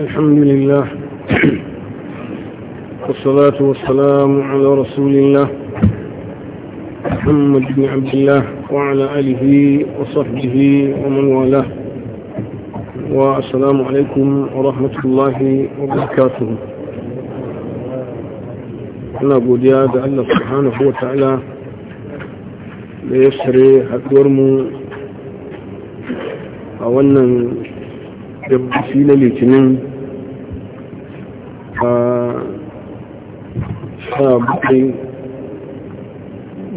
الحمد لله والصلاة والسلام على رسول الله محمد بن عبد الله وعلى آله وصحبه ومن والاه والسلام عليكم ورحمة الله وبركاته أنا أبو دياد الله سبحانه وتعالى ليسري أكبرمو أولا فينا لليتنين sha bakwai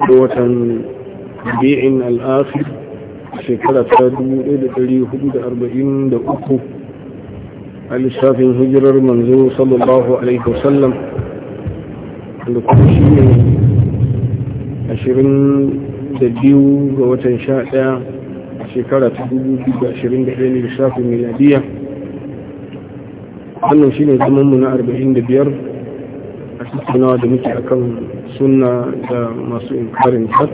da watan bi'in al'afir shekara ta 1443 a lissafin hijirar manzo sallallahu alaihi wasallam da kuma shi ne 22 ga watan 11 shekara ta 2021 lissafin miladiya wannan shine zaman mu na arba'in da biyar a tattaunawa da muke akan suna da masu inkarin ta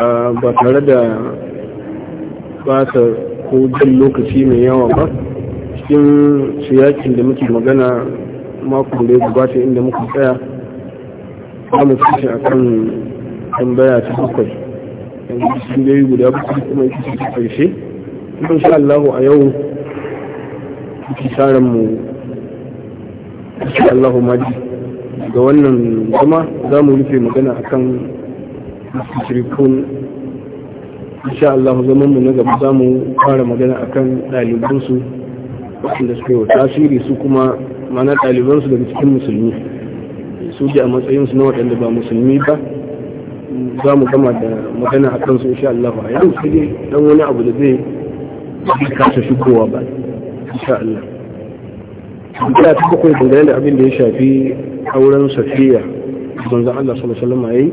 ah, ba tare da ba ta ko jan lokaci mai yawa ba cikin su yakin da muke magana makon da ya gabata inda muka tsaya ba mu fice a kan tambaya ta bakwai yanzu sun da yi guda bakwai kuma ya ce ta ƙarshe shi Allah a yau kisaran mu Allahu maji ga wannan zama za mu rufe magana akan mushrikun insha Allah zaman mu na gaba za mu fara magana akan ɗalibansu waɗanda suka yi wa tasiri su kuma mana ɗalibansu daga cikin musulmi su ji a matsayinsu na waɗanda ba musulmi ba za mu gama da magana a kansu insha Allah a yau sai dan wani abu da zai kasa shigowa ba insha Allah ta ta dangane da abin da ya shafi auren safiya manzan Allah sallallahu alaihi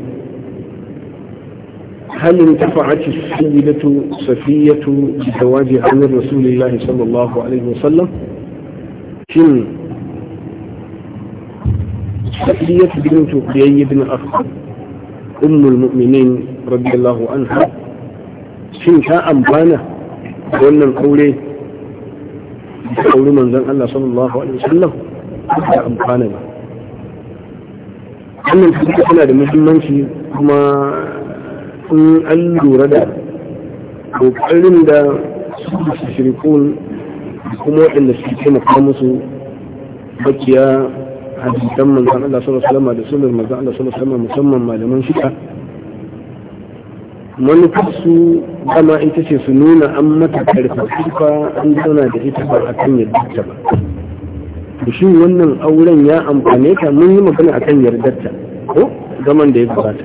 هل انتفعت السيدة صفية بزواج أمير رسول الله صلى الله عليه وسلم؟ شن صفية بنت قيي بن أخطب أم المؤمنين رضي الله عنها شن تا أمبانة وأن القولين قول من زن الله صلى الله عليه وسلم حتى أمقانا أن الحديث على المهم من شيء هما أن ألو ردا وكلم دا سيدي الشريكون كمو إن الشريك مقامس بكيا حديثا من زن الله صلى الله عليه وسلم ما زن الله صلى الله عليه وسلم مسمى ما لمن شيئا manufarsu dama ita ce su nuna an mata karfafa an zauna da ita ba a kan yardarta ba da shi wannan auren ya amfane ta mun yi magana a kan yardarta ko zaman da ya gabata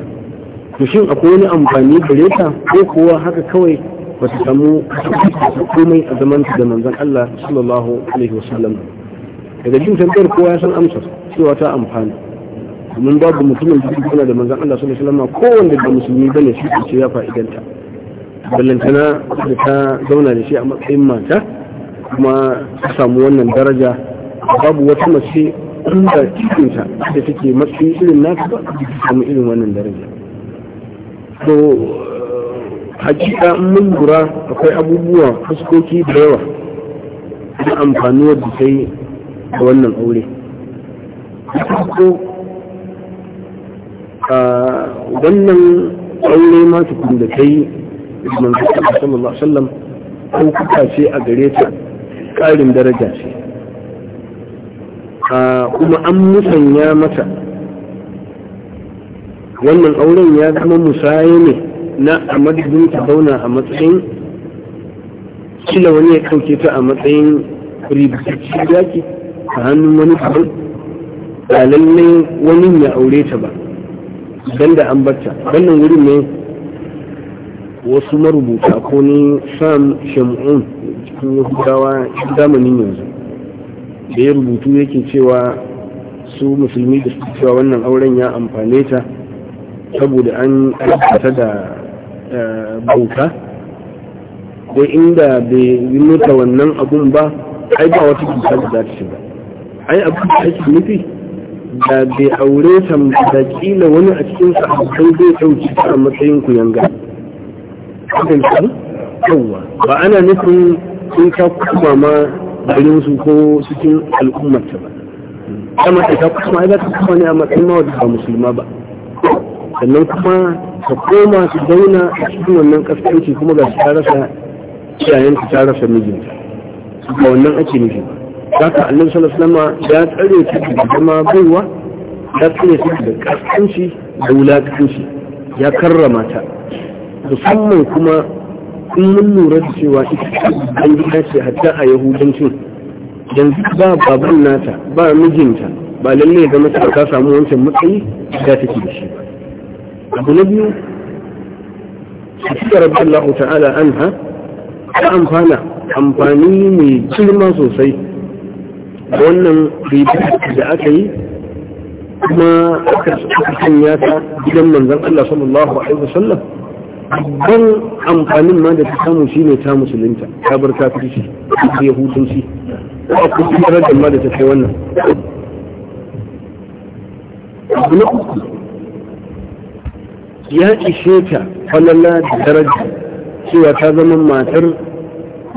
da shi akwai wani amfani gare ta ko kowa haka kawai ba su samu komai a zaman da manzan Allah sallallahu alaihi wasallam daga jin tantar kowa ya san amsa cewa ta amfana domin babu mutumin da zai da manzon Allah sallallahu alaihi wasallam kowanne da musulmi bane shi ce ya fa'idanta ballantana da ta zauna da shi a matsayin mata kuma ta samu wannan daraja babu wata mace inda cikinta da take matsayin irin naka ba ta samu irin wannan daraja to hakika in mun lura akwai abubuwa fuskoki da yawa da amfani da ta da wannan aure ko wannan aure ma tukun da ta yi manzo sallallahu alaihi wasallam ko kuka ce a gare ta ƙarin daraja ce kuma an musanya mata wannan auren ya zama musaye ne na a madadin ta zauna a matsayin kila wani ya kauke ta a matsayin ribitacci zaki a hannun wani abin ba lallai wani ya aure ta ba idan da an bata wannan wurin ne wasu marubuta ko ni sam shamun cikin yahudawa zamanin yanzu da ya rubutu yake cewa su musulmi da su cewa wannan auren ya amfane ta saboda an aikata da eh, bauta ko inda bai yi wannan abun ba ai ba wata kusa da za ta shiga ai abin da ake nufi da bai aure ta da kila wani a cikin sahabbai zai ɗauki ta a matsayin ku yanga yawwa ba ana nufin sun ta kuma ma garin su ko cikin al'ummar ta ba kama ta ta kuma za ta kuma ne a matsayin ma ba musulma ba sannan kuma ta koma su zauna a cikin wannan kaskanci kuma ga su ta rasa iyayen ta rasa mijinta Ga wannan ake nufi ba haka annabi sallallahu ya tsare su da zama baiwa ya tsare su da kaskanci da wulakanci ya karrama ta musamman kuma in mun lura da cewa ita an yi ce hatta a yahudancin yanzu ba baban nata ba mijinta ba lalle ya zama ta samu wancan matsayi da take da shi abu na biyu Sufiyar Rabbi Allah ta'ala ha, ta amfana amfani mai girma sosai wannan riba da aka yi kuma aka ya ta gidan manzan Allah sallallahu alaihi wasallam babban amfanin ma da ta samu ne ta musulunta ta bar kafirci da yahudanci a kuma darajar ma da ta kai wannan abu na uku ya ishe ta falala da daraja cewa ta zama matar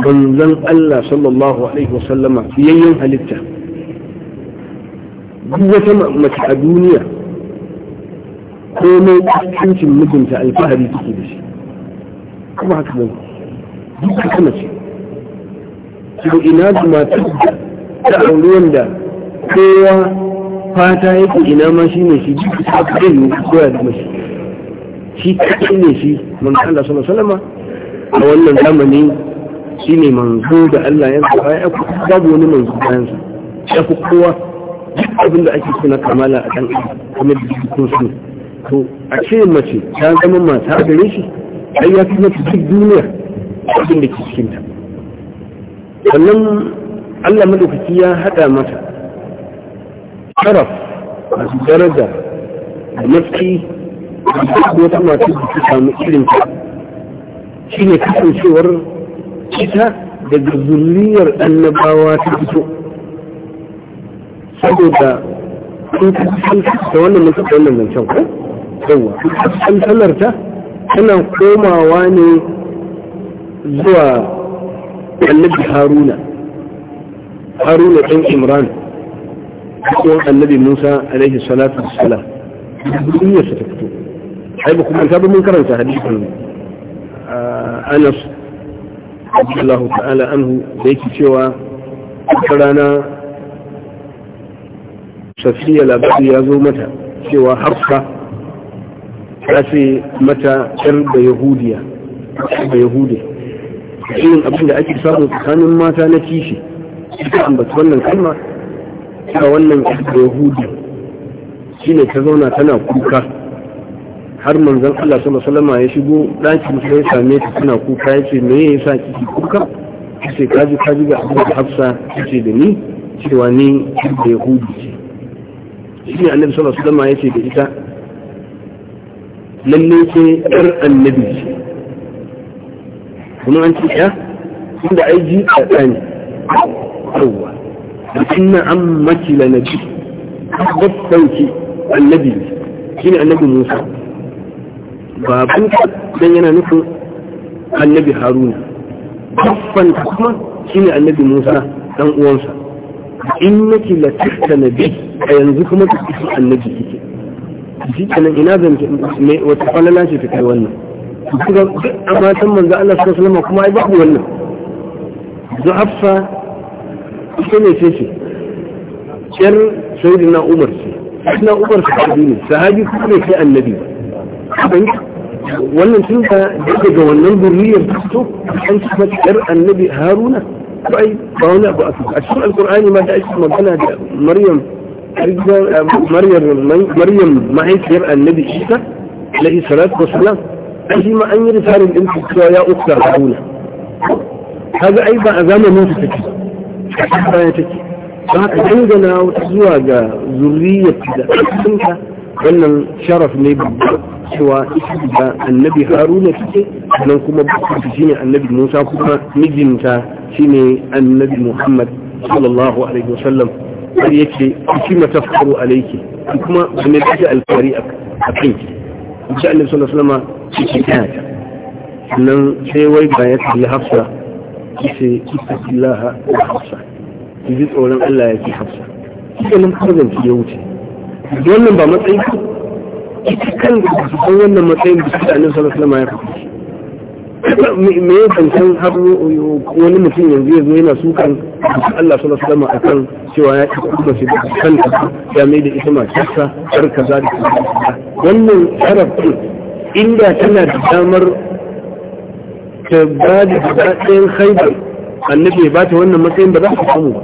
manzon Allah sallallahu alaihi wasallama fiyayyen halitta wata mace a duniya ko komai kaskancin mijinta alfahari take da shi kuma haka nan duk haka mace ko ina da ta da aure wanda kowa fata yake ina ma shi ne shi duk ta kare ne koya da mashi shi ta ne shi manzo Allah sallallahu alaihi a wannan zamani shi ne manzo da Allah ya zaba ya babu wani manzo bayan sa ya ku kowa duk abin da ake suna kamala a kan kuma ko su to a ce mace ta zama mata gare shi ai ya fi mafi duk duniya abin da ke cikin ta sannan Allah madaukaki ya haɗa mata sharaf a daraja da matsayi da duk wata masu da ta samu irin ta shine kasancewar ita daga zuriyar annabawa ta fito saboda kun san da wannan mutum da wannan zancen ko yawa kun san tana komawa ne zuwa annabi haruna haruna ɗan imran ɗan annabi musa alaihi salatu wassalam duniyarsa ta fito ai ba kuma ta mun karanta hadisin ah, anas Abdullahi ta'ala anhu da yake cewa rana safiya labari ya zo mata cewa hafsa ta ce mata yar da yahudiya da yahudiya cikin abin da ake samu tsakanin mata na kishi ita ambata wannan kalma ta wannan da Yahudi? Shi ne ta zauna tana kuka har manzan Allah sama masalama ya shigo ɗaki sai ya same ta tana kuka ya yace me yasa kike kuka ce kaji kaji ga abin da Hafsa ce da ni cewa ni da Yahudi ce shi annabi sallallahu alaihi wasallam yace da ita lalle ce ɗan annabi ce kuma an ce ya inda ai ji a tsani yawa inna ammaki la nabi babbanki annabi ne annabi Musa baban dan yana nufin annabi Haruna babban kuma ne annabi Musa dan uwansa in nake la tattala bi a yanzu kuma ta fi annabi kike shi kenan ina zan me wata falala ce ta kai wannan kuma amma san manzo Allah sallallahu alaihi wasallam kuma ai babu wannan zuhaffa ita ne ce ce yar na Umar ce na Umar su sahabi ne sahabi kuma ne ke annabi ba wannan tun da daga wannan zurriyar to an ci yar annabi haruna طيب ما هو لا الشرع القرآني ما جاءش من بلد مريم مريم مريم ما هي سير النبي عيسى عليه الصلاة والسلام أجي ما اني يرسال الانتسوى يا أخت هارون هذا أيضا اذان موت تكي أحبها تكي فهذا عندنا وتزوى ذرية كذا wannan sharaf ne cewa ita da annabi haruna take nan kuma bakwai shine annabi musa kuma mijinta shine annabi muhammad sallallahu alaihi wasallam har yake kici matafaru alaiki kuma wani da alfahari a kanki ci Allah sallallahu alaihi wasallam shi kanta nan sai wai ba ya kalli hafsa sai istaqillaha hafsa ji tsoron Allah ya ki hafsa sai nan karzanci ya wuce wannan ba matsayi ba ita kan da ba su san wannan matsayin da suka annabi sallallahu alaihi wasallam ya faɗi me ya tantan har wani mutum yanzu ya zo yana sukan Allah sallallahu alaihi wasallam akan cewa ya ci kuma shi da kanta ya mai da ita kasa har kaza da kaza wannan arabin inda tana da damar ta ba da gabaɗayan haibar annabi ba ta wannan matsayin ba za su samu ba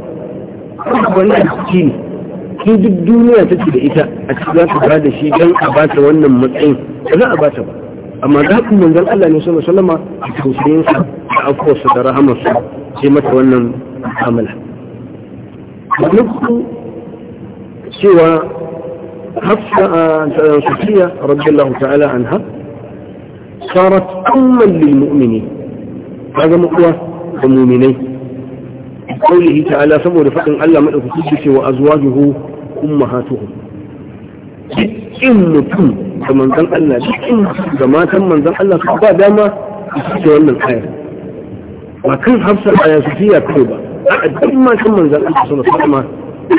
wannan ciki ne ki duk duniya take da ita a cikin za ta ba da shi don a bata wannan matsayin ba za a bata ba amma da hakan manzon Allah ne sallallahu alaihi wasallam a tausayinsa da afuwarsa da rahamarsa sai mata wannan amala nufin cewa hafsa a safiya radiyallahu ta'ala anha صارت أما للمؤمنين هذا مقوى المؤمنين qawlihi ta'ala saboda faɗin Allah madaukaki yake wa azwajuhu ummahatuhum in mutum da Allah in da matan Allah su ba dama su wannan ba kan aya sufiya kawai ba a duk matan manzon Allah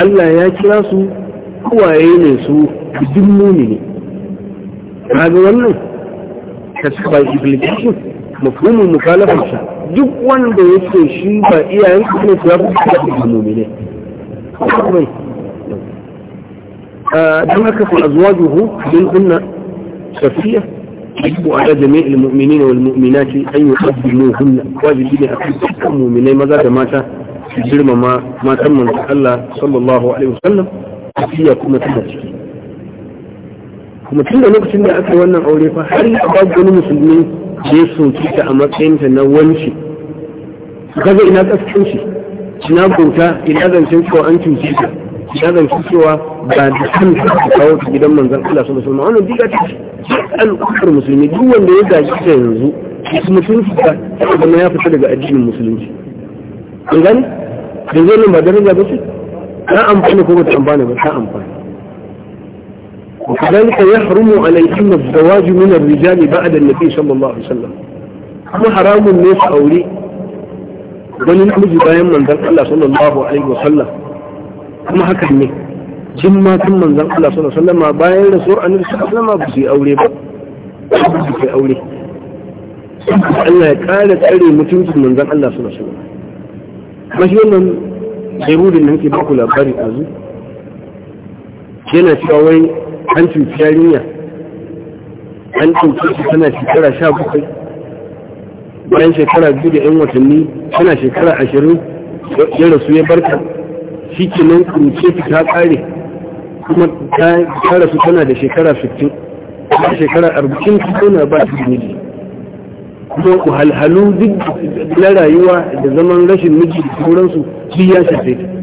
Allah ya kira su kuwaye ne su duk mumini kaga wannan ta ba implication duk wanda yake shi ba iyayen su ne su ya fi da mumine don haka fa azwajuhu min kunna safiya يجب على جميع المؤمنين والمؤمنات أن يقدموهن واجبين أكثر مؤمنين ماذا دماتا girmama matan manzo Allah sallallahu alaihi wasallam tafiya kuma tana ciki kuma tun da lokacin da aka wannan aure fa har yi ba gani musulmi da ya soke ta a ta na wanci kaga ina kaskanci ina bauta ina zancen cewa an cuce ta ina zancen cewa ba da kan ta kawo ta gidan manzan Allah sun alaihi wannan diga ta ce, al'ummar musulmi duk wanda ya gaji ta yanzu su mutunci ta kuma ya fita daga addinin musulunci an gani da zai nan ba daraja ba ce ta amfani ko ba ta amfani ba ta amfani. وكذلك يحرم عليهم الزواج من الرجال بعد النبي صلى الله عليه وسلم ما حرام الناس أولي ولن نحمد بايام من ذلك الله صلى الله عليه وسلم كما حكمي جمع كم من ذلك الله صلى الله عليه وسلم بايام رسول عن رسول الله ما بسي أولي ما بسي أولي الله قال تعالي متوت من ذلك الله صلى الله عليه وسلم ما هي من غيرود أنك باكل أبغاري أزو جنا في أولي an cuci yarinya an ɗauke shi tana shekara sha bakwai bayan shekara biyu da yan watanni tana shekara ashirin ya rasu ya barka shi ke nan kuruce ta ta ƙare kuma ta rasu tana da shekara sittin ta shekara arba'in ta tona ba su da miji kuma ku halhalu duk na rayuwa da zaman rashin miji da sauransu shi ya shafe ta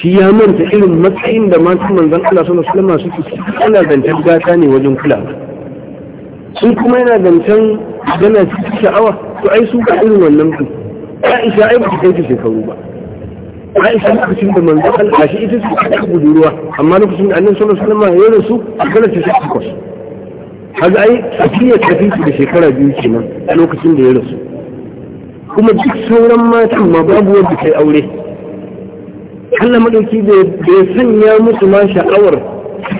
shi ya manta irin matsayin da matan manzan Allah sallallahu alaihi wasallam suke ana zancen gata ne wajen kula sun kuma yana zancen gana cikin sha'awa to ai su ga irin wannan ku Aisha ai ba ta shekaru ba Aisha lokacin da manzan Allah shi ita ce ta budurwa amma lokacin da Annabi sallallahu alaihi wasallam ya rasu a kana ta shi kwas kaga ai tafiya tafi da shekara biyu kenan a lokacin da ya rasu kuma duk sauran matan ma babu wanda kai aure Allah madauki bai sanya musu ma sha'awar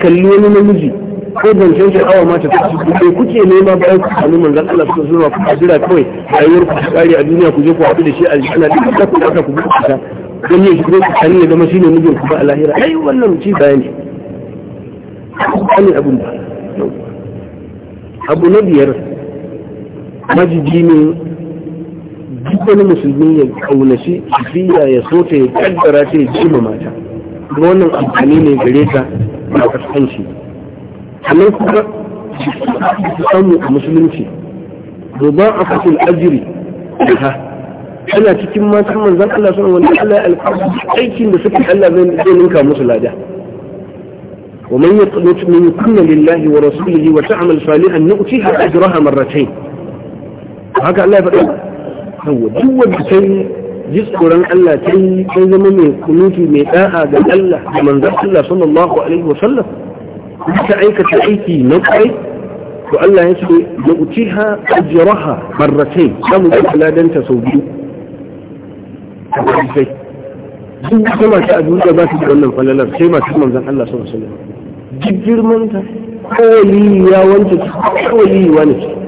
kalli wani namiji ko zancen sha'awar ma ta bai kuke nema bayan ku sami manzon Allah su zuwa ku jira kawai rayuwar ku tsari a duniya ku je ku haɗu da shi a aljanna duk da ku aka ku buƙata dan ya shi ku sani ya zama shine mijin ku ba a lahira ai wannan ci bayani ne abun da abu na biyar majiji ne duk wani musulmi ya kaunaci tafiya ya so ta ya kaddara ta ya jima mata kuma wannan amfani ne gare ta a kaskanci sannan kuma samu a musulunci ba a fasil ajiri da ha ana cikin matan manzan Allah suna wani Allah ya alƙawarci aikin da suke Allah zai ninka musu lada ومن يقنت من كن لله ورسوله وتعمل صالحا نؤتيها أجرها مرتين وهكذا الله يفعل yawa duk wanda ta yi Allah ta yi ta zama mai kunuti mai da'a ga Allah da manzon Allah sallallahu alaihi wa sallam ta aikata aiki na kai to Allah ya ce da utiha ajraha marratayn samu ladanta sau biyu duk wata mace ta duniya ba su da wannan falalar sai masu manzan Allah sallallahu alaihi wa sallam duk girman ta kowali ya wance kowali wani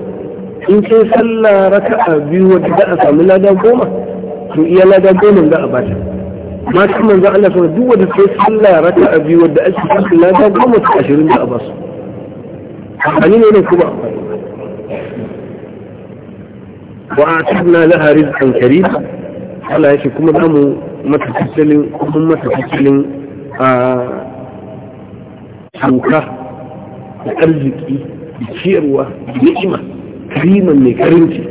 in kai sallah raka'a biyu wata za a samu lada goma to iya lada goma za a bata ma kuma manzon Allah sama duk wanda sai sallah raka'a biyu wadda ake samu lada goma ta ashirin za a basu amfani ne ne kuma wa atadna laha rizqan karim Allah ya ce kuma za mu mata tattalin kuma mata tattalin a shuka da arziki da ciyarwa da ni'ima kariman mai karinci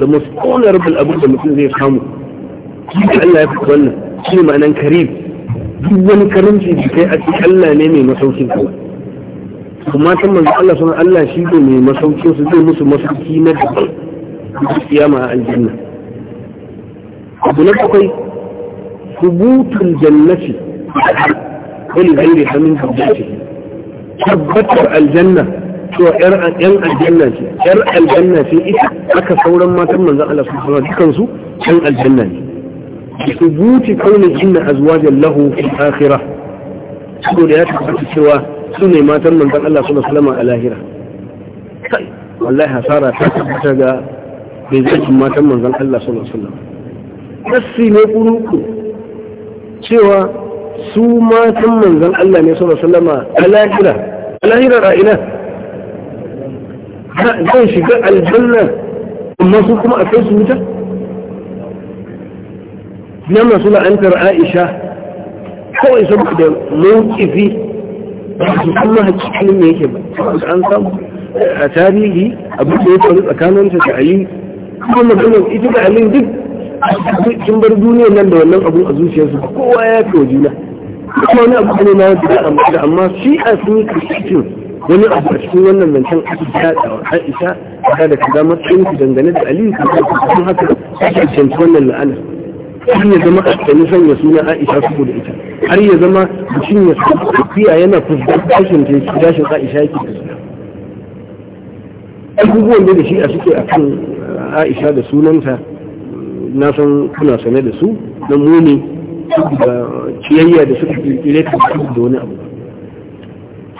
da masu most honorable abin da mutum zai samu shi Allah ya fi wannan shi ma'anan karim duk wani karinci da kai a cikin Allah ne mai masaukin kawai kuma ta manzo Allah sunan Allah shi ne mai masaukin su zai musu masauki na daban da kiyama a aljanna abu na bakwai hubutul jannati wani gairi hamin hujjati tabbatar aljanna cewa yan aljanna ce yar aljanna ce ita aka sauran matan Manzan Allah su sama dukansu yan aljanna ne subuti kaunin inna azwajan lahu fil akhirah saboda ya tabbata cewa su ne matan Manzan Allah su sallama a lahira kai wallahi hasara ta tabbata ga bai zai matan Manzan Allah sallallahu alaihi wasallam nassi ne kuruku cewa su matan Manzan Allah ne sallallahu alaihi wasallama a lahira a lahira ra'ina zan shiga aljanna amma su kuma a kai su wuta na masu la'antar aisha kawai da mawukifi su kuma hakikalin me yake ba an samu a tarihi abin da ya faru tsakaninta ta ayi kuma magana ita da alin duk sun bar duniya nan da wannan abun a zuciyarsu kowa ya fi wajina kuma wani abu ne na yadda amma shi a sun kristiyan wani abu a cikin wannan zancen aisha aisha ta da kaza matsayin su dangane da aliyu ta kuma haka ta cancanci wannan la'ana har ya zama asali sanya suna aisha saboda ita har ya zama mutum ya tafiya yana fuskantar tashin ta tashin aisha yake fuskanta abubuwan da shi a suke kan aisha da sunanta na san kuna sane da su na muni da ciyayya da suka kirkire ta da wani abu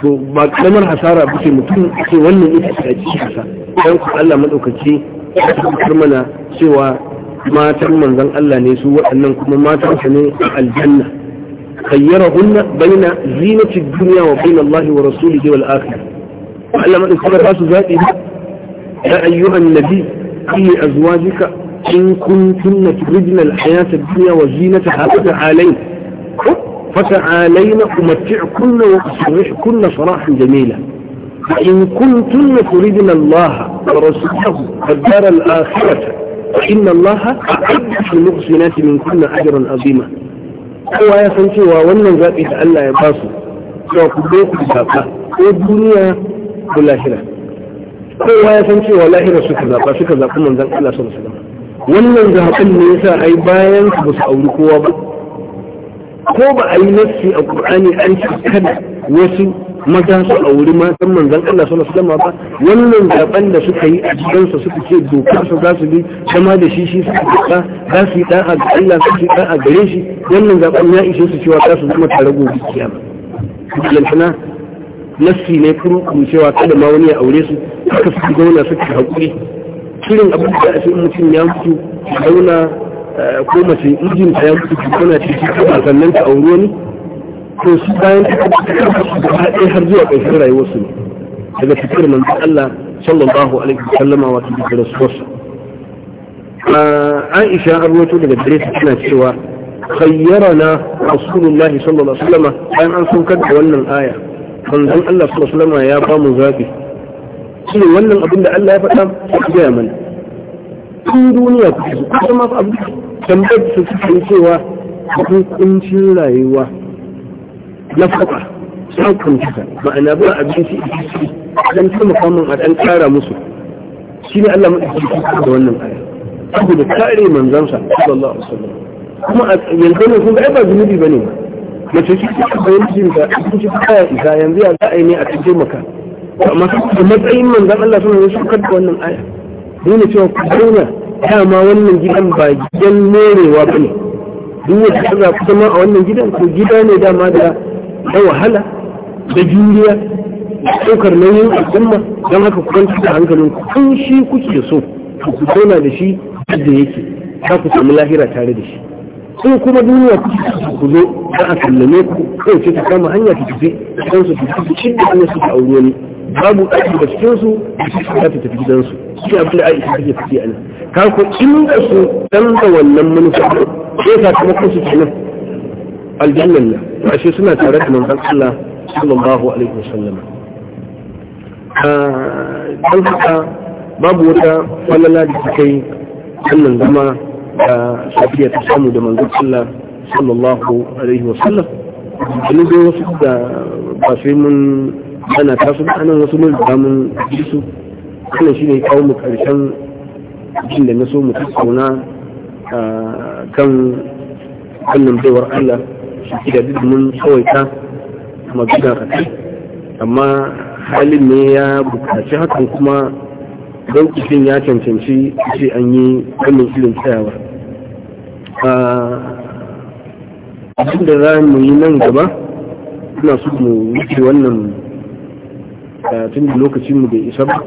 to ba kalmar hasara ba ce mutum ce wannan ita ce a cikin hasa don ku Allah madaukaci ya tabbatar mana cewa matan manzon Allah ne su waɗannan kuma matansa ne aljanna khayyarahunna baina zinati dunya wa baina Allah wa rasulihi wal akhir Allah madaukaci ba su zabi ya ayyuhan nabi kulli azwajika in kuntunna turidna al hayata ad-dunya wa zinataha fa alayhi فتعالينا أمتعكن وأسرحكن صراحا جميلا فإن كنتن تريدن الله ورسوله الدار الآخرة فإن الله أعدف آية في المحسنات منكن أجرا عظيما هو يا سنتي وأولا ذاته ألا يقاسوا وقبوك بذاقة والدنيا والاخره هو يا سنتي والآخرة سكة ذاقة سكة ذاقة من ذاقة الله صلى الله عليه وسلم وأولا ذاقة النساء أي باين فبس أولكوا ko ba a yi nassi a ƙur'ani an ci kada wasu maza su auri matan manzan Allah sallallahu alaihi wasallam ba wannan zaben da suka yi a cikin suka ce dokar su za su bi kama da shi shi suka doka za su yi da'a ga Allah su yi a gare shi wannan zaben ya ishe su cewa za su zama tare gobe kiyama lantana nassi ne kuma kuma cewa kada ma wani ya aure su suka su zauna suka haƙuri shirin abin da a mutum ya mutu zauna Eh, ko mace mijinta ya mutu kuna ce shi kuma sannan ta auri wani to su bayan ta kuma su gaba ɗaya har zuwa ƙarshen rayuwarsu daga fitar manzo Allah sallallahu alaihi wasallam wa ta rasuwarsa eh, Aisha arwato daga dare tana cewa khayyarana rasulullahi sallallahu alaihi wasallam bayan an saukar da wannan aya manzon Allah sallallahu alaihi wasallam ya ba mu zabi shi wannan abin da Allah ya faɗa ya mana tun duniya ta su kusa masu abu tambayar su suka yi cewa akwai kuncin rayuwa na faɗa sun kuntuka ma'ana ba abinci a cikin dan taimaka min a dan kara musu shi ne Allah mai ciki da wannan aya saboda kare manzansa sallallahu alaihi wasallam kuma a yanzu ne kun ga ba zunubi bane mace ce ta bayan jin da cikin kaya isa yanzu ya za a yi ne a cikin maka amma matsayin manzan Allah sun yi su kada wannan aya dole cewa ku zauna dama wannan gidan ba gidan morewa ba ne duk wata ta zaɓi zama a wannan gidan ko gida ne dama da na wahala da juriya da ɗaukar nauyin al'umma don haka ku kwanta da hankalin ku kun shi kuke so ku zauna da shi yadda yake za ku samu lahira tare da shi su kuma duniya ku zo za a sallame ku kawai ce ta kama hanya ta tafi don su tafi da su ta babu ɗaki daga cikin su da shi ta tafi gidansu shi abin da aisha take tafi a nan ka ko inda su canza wannan manufa sai sakamakon su kenan aljannan nan to ashe suna tare da manzon Allah sallallahu alaihi wasallam ah, don haka babu wata falala da ta kai wannan zama da safiya ta samu da manzon Allah sallallahu alaihi wasallam wani dai wasu da ba sai mun ana tasu anan wasu mun damun mun ji su ne shine kawo mu karshen jin da na so mu tattauna kan wannan baiwar Allah shi da duk mun tsawaita magana a kai amma halin ne ya bukaci hakan kuma don kusin ya cancanci ce an yi wannan irin tsayawa abin da za mu yi nan gaba suna su mu wuce wannan tun da lokacinmu bai isa ba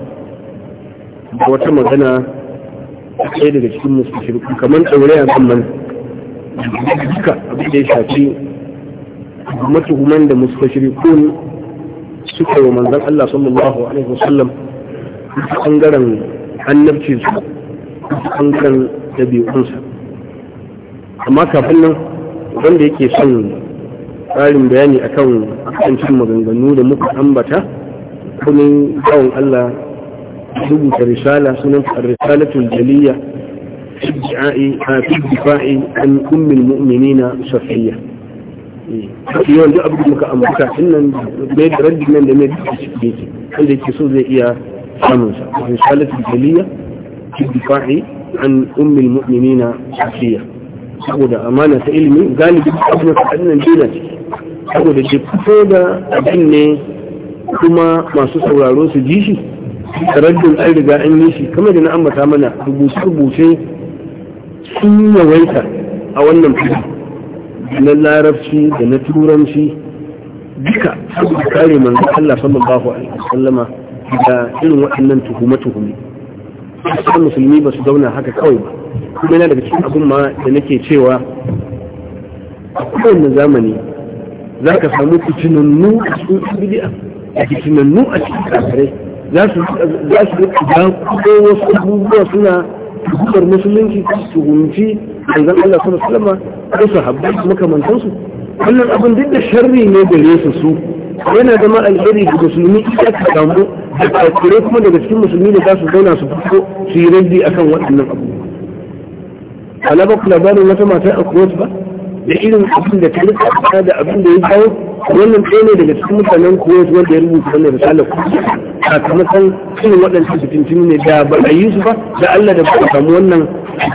wata magana a ɗaya daga cikin musu shirku kamar ɗaure a kan mana duka abin da ya shafi matuhuman da shirku suka yi manzan Allah sallallahu alaihi wasallam a ɓangaren annabci su a ɓangaren ɗabi'unsa amma kafin nan wanda yake son tsarin bayani akan cin maganganu da muka ambata كنين دعون الله حبك رسالة سنفع الرسالة الجلية في, في الدفاع عن أم المؤمنين صفية يوم جاء بك أمرك إن ميد رد من ميد تسبيت عند الكسوز إيا سامنسا رسالة الجلية في الدفاع عن أم المؤمنين صفية أقول أمانة علمي قال لي أبنك أدنى جيلتي أقول لي كفوضة أدنى kuma masu sauraro su ji shi raddin an riga an yi shi kamar da na ambata mana rubuce-rubuce sun yawaita a wannan fili na larabci da na turanci duka saboda kare manzo Allah sallallahu alaihi sallama da irin waɗannan tuhume-tuhume sai musulmi ba su zauna haka kawai ba kuma yana daga cikin abin ma da nake cewa a kowane zamani za ka samu fitinannu a cikin bidi'a da fitinannu a cikin kafirai za su za su rika ko wasu abubuwa suna tuhumar musulunci su hunci manzon Allah sallallahu alaihi wasallam ko su habbai makamantan su wannan abin duk da sharri ne da su su yana zama alheri ga musulmi da ka samu da kafirai kuma daga cikin musulmi da za su zauna su fito su yi raddi akan waɗannan abubuwa. Ala ba ku labarin wata mata a Kuwait ba? da irin abin da ta lissa da abin da ya kawo wannan ɗaya ne daga cikin mutanen kuwait wanda ya rubuta wannan risala sakamakon irin waɗansu tuntun ne da ba a yi su ba da allah da ba a samu wannan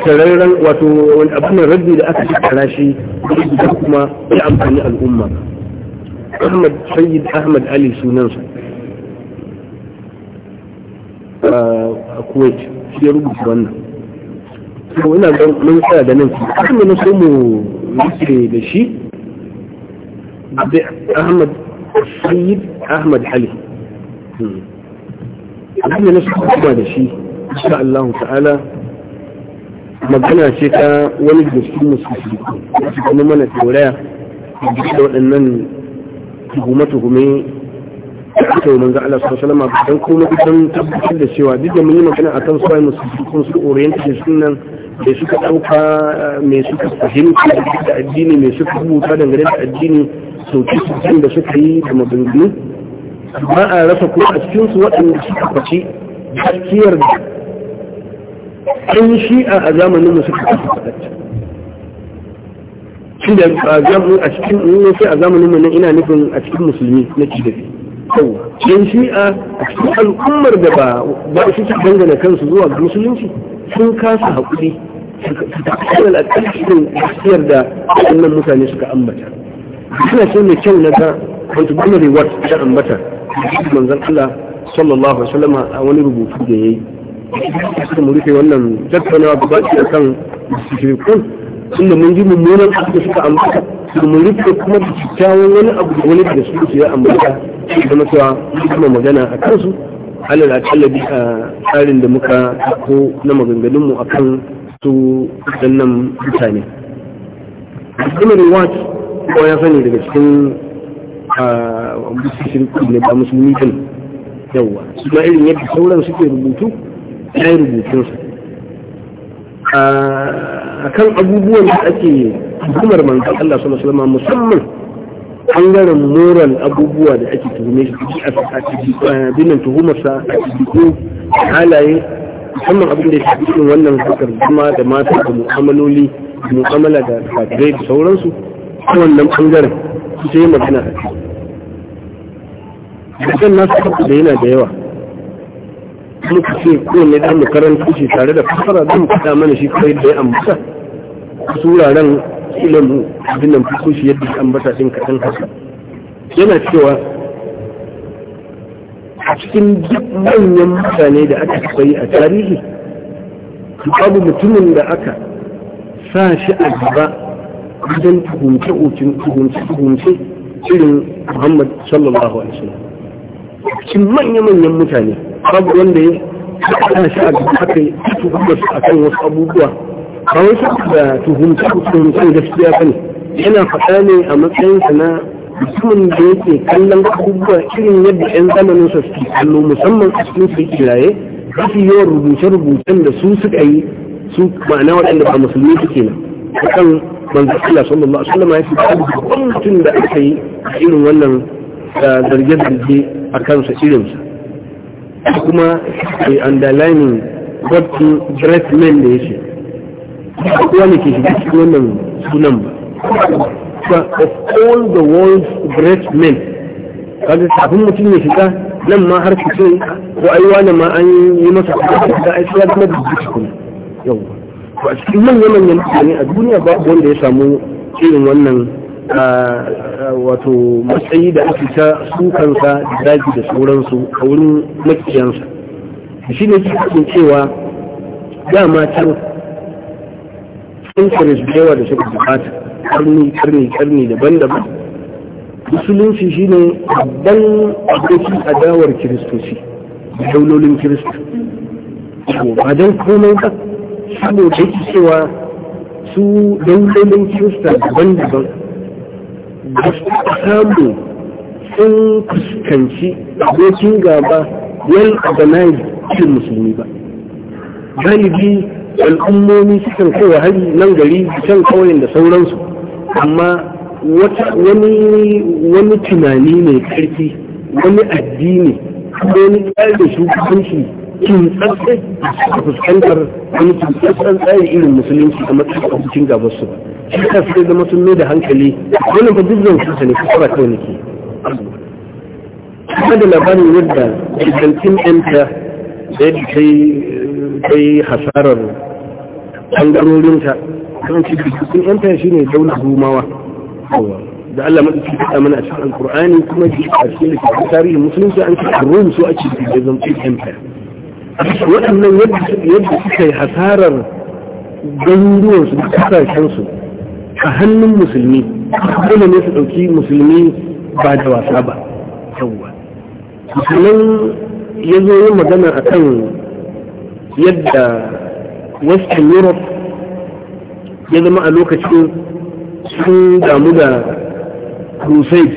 tararren wato abin da rabbi da aka tattara shi da kuma ya amfani al'umma ahmad sayyid ahmad ali su a kuwait shi ya rubuta wannan ina ga mun tsaya da nan kuma na so mu محسي بشي احمد السيد احمد حلي احنا نشكر هذا الشيء ان شاء الله تعالى مجنى شكا ونجد في المسكس لكم ومانا في ولا يجد ان تقومته مي تقومته من زعلا صلى الله عليه وسلم ابتدان كونه كتن تبقى كل السوا دي جميل أن اتنصوى المسكس لكم سوى اورينتي da suka ɗauka eh, mai suka fahimta da addini mai suka rubuta dangane da addini sauki sosai da suka yi da maganganu ba a rasa kuma a cikinsu waɗanda suka faci gaskiyar da an shi'a a zamanin suka faci faɗaci shi da a cikin in sai a zamanin mu ina nufin a cikin musulmi na ci dafi kowa yan shi'a a cikin al'ummar da ba ba su dangana kansu zuwa musulunci sun kasa haƙuri suka alal alƙalƙin gaskiyar da waɗannan mutane suka ambata suna ce mai kyau na ga contribution reward ta ambata manzan Allah sallallahu alaihi wasallam a wani rubutu da yayi suka mu rufe wannan tattaunawa ba ɗaya kan mushrikun inda mun ji mummunan abu da suka ambata su murife kuma da kyakkyawan wani abu da wani da su ya ambata su zama cewa kuma magana a kansu alal akalla bi a tsarin da muka ko na maganganunmu akan su waɗannan mutane kuma Wat ko ya sani daga cikin musulmi ne ba musulmi yawa irin yadda sauran suke rubutu ya yi rubutunsa a kan abubuwan da ake hukumar manzo Allah sallallahu alaihi musamman bangaren moral abubuwa da ake tuhume shi a cikin binan tuhumarsa a cikin halaye musamman abin da ya cikin wannan hakar zama da mata da mu'amaloli mu'amala da kafirai da sauransu a wannan bangaren su sai magana a ciki bikin nasu haku da yana da yawa ka ce kowane da zama karan tare da fasara don kada mana shi kawai da ya ambata sura wuraren ilimin abin nan fuskoshi yadda ya ambata ɗin kaɗan haka yana cewa a cikin duk manyan mutane da aka koyi a tarihi babu mutumin da aka sa shi a gaba wajen tuhumce-tuhumce irin Muhammad sallallahu alaihi wasallam cikin manya-manyan mutane babu wanda ya sa shi a gaba aka yi tuhumar su akan wasu abubuwa ba wai da tuhumce-tuhumcen gaskiya ba ne yana faɗa ne a matsayinsa na mutumin da yake kallon abubuwa irin yadda 'yan zamanin su suke kallo musamman a cikin su kiraye mafi yawan rubuce-rubucen da su suka yi su ma'ana waɗanda ba musulmi suke nan akan manzo Allah sallallahu alaihi wasallam ya fi babban mutum da aka yi irin wannan zarge-zarge a kansa irinsa kuma a underlining what great men da ya ce ba kowa ne ke shiga cikin wannan sunan ba of all the world's great men kaga kafin mutum ya shiga nan ma har ce ko ai wani ma an yi masa da ai sai kuma da kuma yau to a cikin manyan manyan mutane a duniya ba wanda ya samu irin wannan wato matsayi da ake ta sukansa da daji da sauransu a wurin makiyansa shi ne cikin cewa dama can centuries da yawa da suka bukata karni karni karni daban-daban musulunci shine babban abokin adawar kiristoci daulolin Ko ba don komai ba saboda yake cewa su daulolin kirista daban-daban da su samu sun fuskanci abokin gaba yan abanayi cikin musulmi ba galibi al'ummomi sukan kowa hari nan gari can kawai da sauransu amma wani tunani mai karfi wani addini wani tsari da shugabanci kintsatsai a fuskantar wani kintsatsan tsarin irin musulunci a matsayin abincin su ba shi ta sai zama sun mai da hankali wani ba duk zan kusa ne kusa kawai nake kuma da labarin yadda shigantin ɗanta da yadda ta yi hasarar ɓangarorinta kan shi cikin yanta shi ne daular gumawa. da Allah madauki ta mana a cikin alkur'ani kuma shi a cikin tarihin musulunci an ce rum su ake da zamfi taya. waɗannan yadda suka yi hasarar garuruwansu da kasashensu a hannun musulmi dole ne su ɗauki musulmi ba da wasa ba yawwa musulman ya zo yin magana a kan yadda western europe ya zama a lokacin sun damu da crusade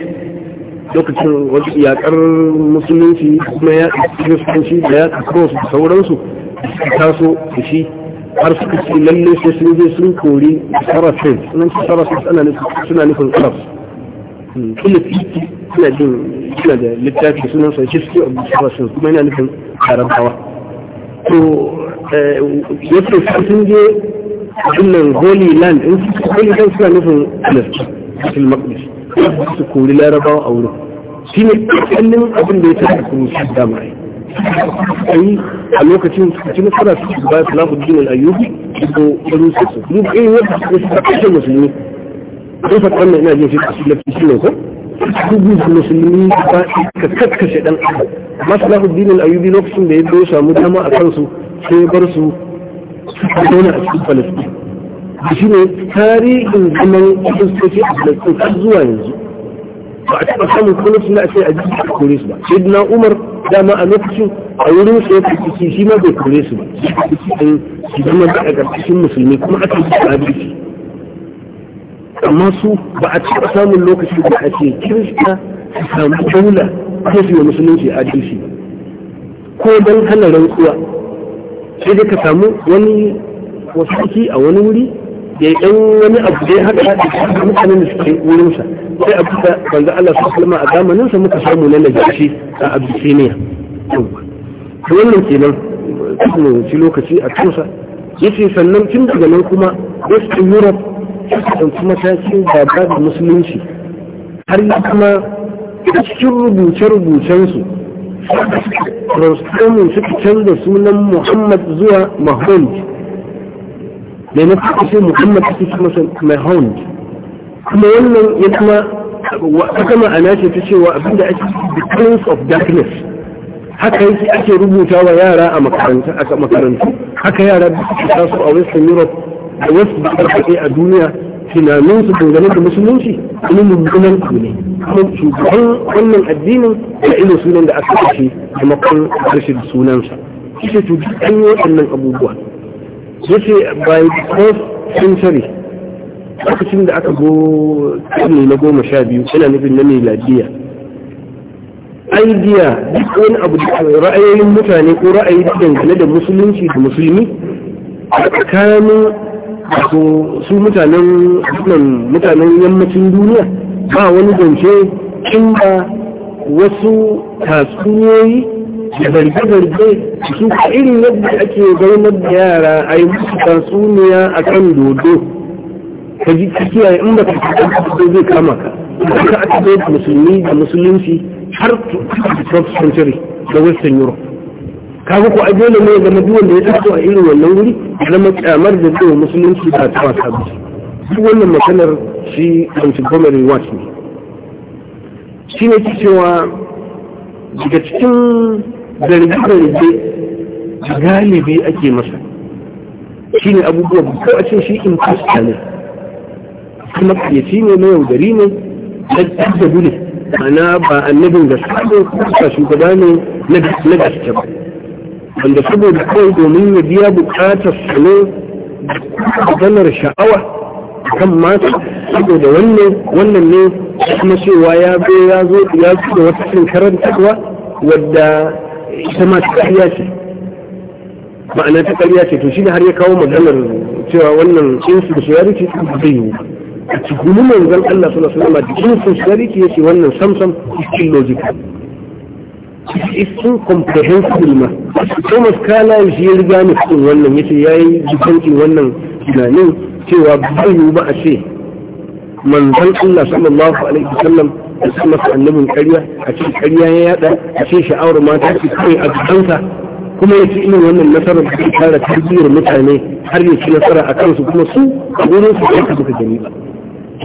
lokacin wasu yakar musulunci kuma ya kiristanci da ya kakarwarsu da sauransu suka taso da shi har suka ce lalle sai sun je sun kori sarafin sunan su sarafin suna nufin arab filifiki hmm, suna jin suna da littafi sunan sa shi suke abu kuma yana nufin arabawa to eh, yadda sun je wannan holy land in su holy land suna nufin alaski cikin makdis su kori larabawa a wurin shi ne kallon abin da ya tafi kuma su dama yi ayi a lokacin su ci nasara su su bayan salahuddin al'ayyubi ko wani su su mu kai wata su su kashe musulmi ko fata wannan ina jin shi a lafi shi ne ko rubuta musulmi ba ka kakkashe dan adam amma salahuddin al'ayyubi lokacin da ya zo samu dama a kansu sai ya bar su zauna a cikin falastin da shi ne tarihin zaman kiristoci a falastin har zuwa yanzu ba a taɓa samun kwanan suna a ce a jiki a kore su ba sai na umar dama a lokacin a wurin sa ya fi shi ma bai kore su ba sai shi zama da a ƙarƙashin musulmi kuma aka yi sabisi amma su ba a taɓa samun lokacin da a ce kirista su samu daula ko su yi musulunci adalci ko don hana rantsuwa sai dai ka samu wani wasu ciki a wani wuri ya yi ɗan wani abu da dai haka da mutanen da suke wurinsa sai abu da banza Allah su kalma a zamaninsa muka samu na najashi a abisiniya wannan kenan kuma ci lokaci a Ya ce sannan tun daga nan kuma western europe ka ɗauki matakin gaba da musulunci har yi kuma cikin rubuce-rubucensu rasulun suka canza sunan muhammad zuwa mahmud da na fi sai muhammad su kuma mahmud kuma wannan ya kuma wata ma'ana ce ta cewa abinda ake the prince of darkness haka yake ake rubuta wa yara a makarantu haka yara da suke a western europe da wasu da a duniya tunaninsu dangane da musulunci ilimin mummunan abu ne kuma wannan addinin da ilimin sunan da aka kashe da makon harshen sunansa shi ce tuki an yi waɗannan abubuwa ya ce by fourth century lokacin da aka go karni na goma sha biyu yana nufin na miladiya idea duk wani abu da ra'ayoyin mutane ko ra'ayi dangane da musulunci da musulmi a tsakanin wato su mutanen mutanen yammacin duniya ba wani zance inda wasu tatsuniyoyi da zarge-zarge su ka irin yadda ake zaunar da yara a yi musu tatsuniya a kan dodo ka ji kiyaye in ba ka kasance zai kama ka ka aka zai musulmi da musulunci har 12 century da western europe kaga ko dole ne ga zama duk wanda ya taso a irin wannan wuri na kyamar da zai musulunci ba ta wasa ba duk wannan maganar shi Montgomery Watt ne shi ne cewa daga cikin zarge-zarge galibi ake masa shi ne abubuwa ko a ce shi impasta ne kuma kayyaci ne na yaudari ne na da gudu ana ba annabin gaskiya ne ko shugaba ne na gaske ba wanda saboda kawai domin ya biya bukatar salo maganar sha'awa kan mata saboda wannan wannan ne kuma cewa ya zo ya zo ya zo da wata cin karantarwa wadda ita ma ta ƙarya ce ma'ana ta ƙarya ce to shi har ya kawo maganar cewa wannan da insecurity ba zai yiwu a cikin manzon Allah sallallahu alaihi wasallam insecurity ce wannan samsam logical sun comprehensible ma thomas kala shi ya riga ni cikin wannan yace yi jikanci wannan tunanin cewa bai yi ba a ce manzon Allah sallallahu alaihi wasallam a ce masa annabin ƙarya a ce ƙarya ya yada a ce sha'awar mata ce kai a jikansa kuma ya ce irin wannan nasarar da tara tarbiyyar mutane har ya ci nasara a kansu kuma su a gurin su ya kafa gani ba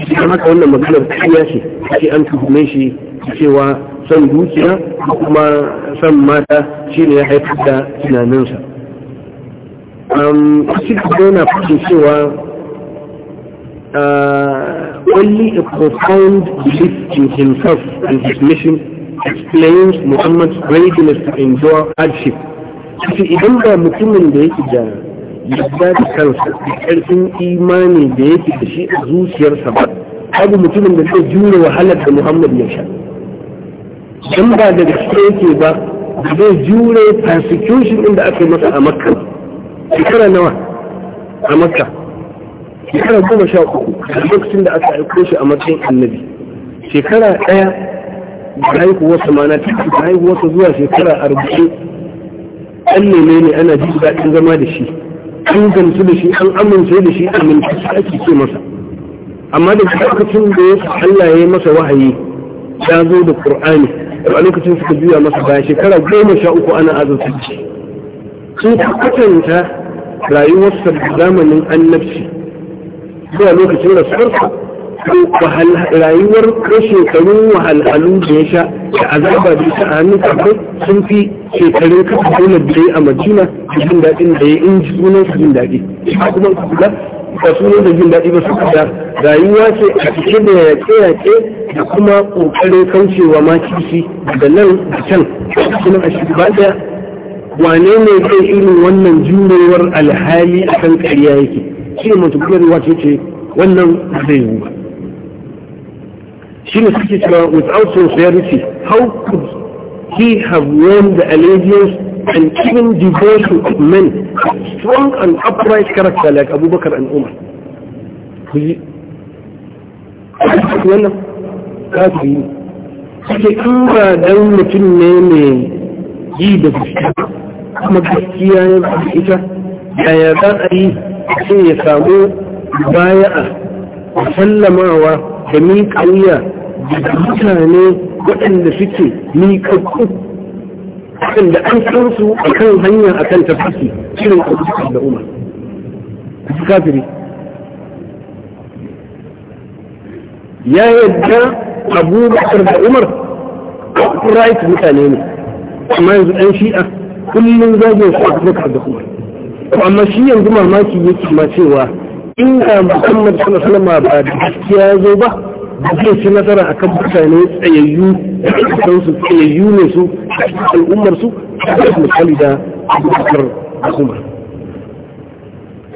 idan maka wannan maganar kariya ce ake an tuhume shi cewa son dukiya kuma son mata shi ne ya haifar da tunaninsa shi kuma yana fashin cewa only a profound belief in himself and his mission explains Muhammad's readiness to endure hardship. Idan ba mutumin da yake da yadda da kansa ƙarfin imani da yake da shi a zuciyarsa ba abu mutumin da zai jure wahalar da muhammad ya sha dan ba da gaske yake ba zai jure persecution inda aka yi masa a makka shekara nawa a makka shekara goma sha uku a lokacin da aka aiko shi a matsayin annabi shekara ɗaya da haihuwarsa mana da haihuwarsa zuwa shekara arba'in ɗan ne ne ana jin daɗin zama da shi an gamsu da shi an amince da shi amince shi ake ce masa amma da lokacin da ya Allah ya yi masa wahayi ya zo da Qur'ani a lokacin suka juya masa baya shekara goma sha uku ana azurta shi sun kwatanta rayuwarsa da zamanin annabci zuwa lokacin rasuwarsa rayuwar shekarun wahalhalu da ya sha da azaba da ita a hannun kafin sun fi shekarun kasa dole da ya a madina da jin daɗin da ya yi inji sunan su jin daɗi a kuma kula ba sunan da jin daɗi ba su kada rayuwa ce a cike da yaƙe-yaƙe da kuma ƙoƙarin kaucewa ma kishi da nan da can kuma a shi ba ɗaya wane ne kai irin wannan jurewar alhali a kan ƙarya yake shi mutum ruwa ce ce wannan zai yi ba shine suke cewa without sincerity how could he have won the allegiance and even devotion of men strong and upright character like Abu Bakr and Umar kuji wannan kafiri ne suke in ba mutum ne mai yi da gaskiya kuma gaskiya ya ba ita ya za a yi sai ya samu baya a sallamawa da miƙa wuya daga mutane waɗanda suke miƙaƙƙu waɗanda an san su a kan hanya a kan tafarki shirin abubuwan da umar a ci kafiri ya yadda abubakar da umar right mutane ne amma yanzu ɗan shi'a kullum zagin su abubakar da umar amma shi yanzu mamaki yake ma cewa In inda muhammad sallallahu ba da gaskiya zo ba ba zai ci nasara a kan mutane tsayayyu da su tsayayyu ne su a cikin al'ummar su a da misali da abubakar al'ummar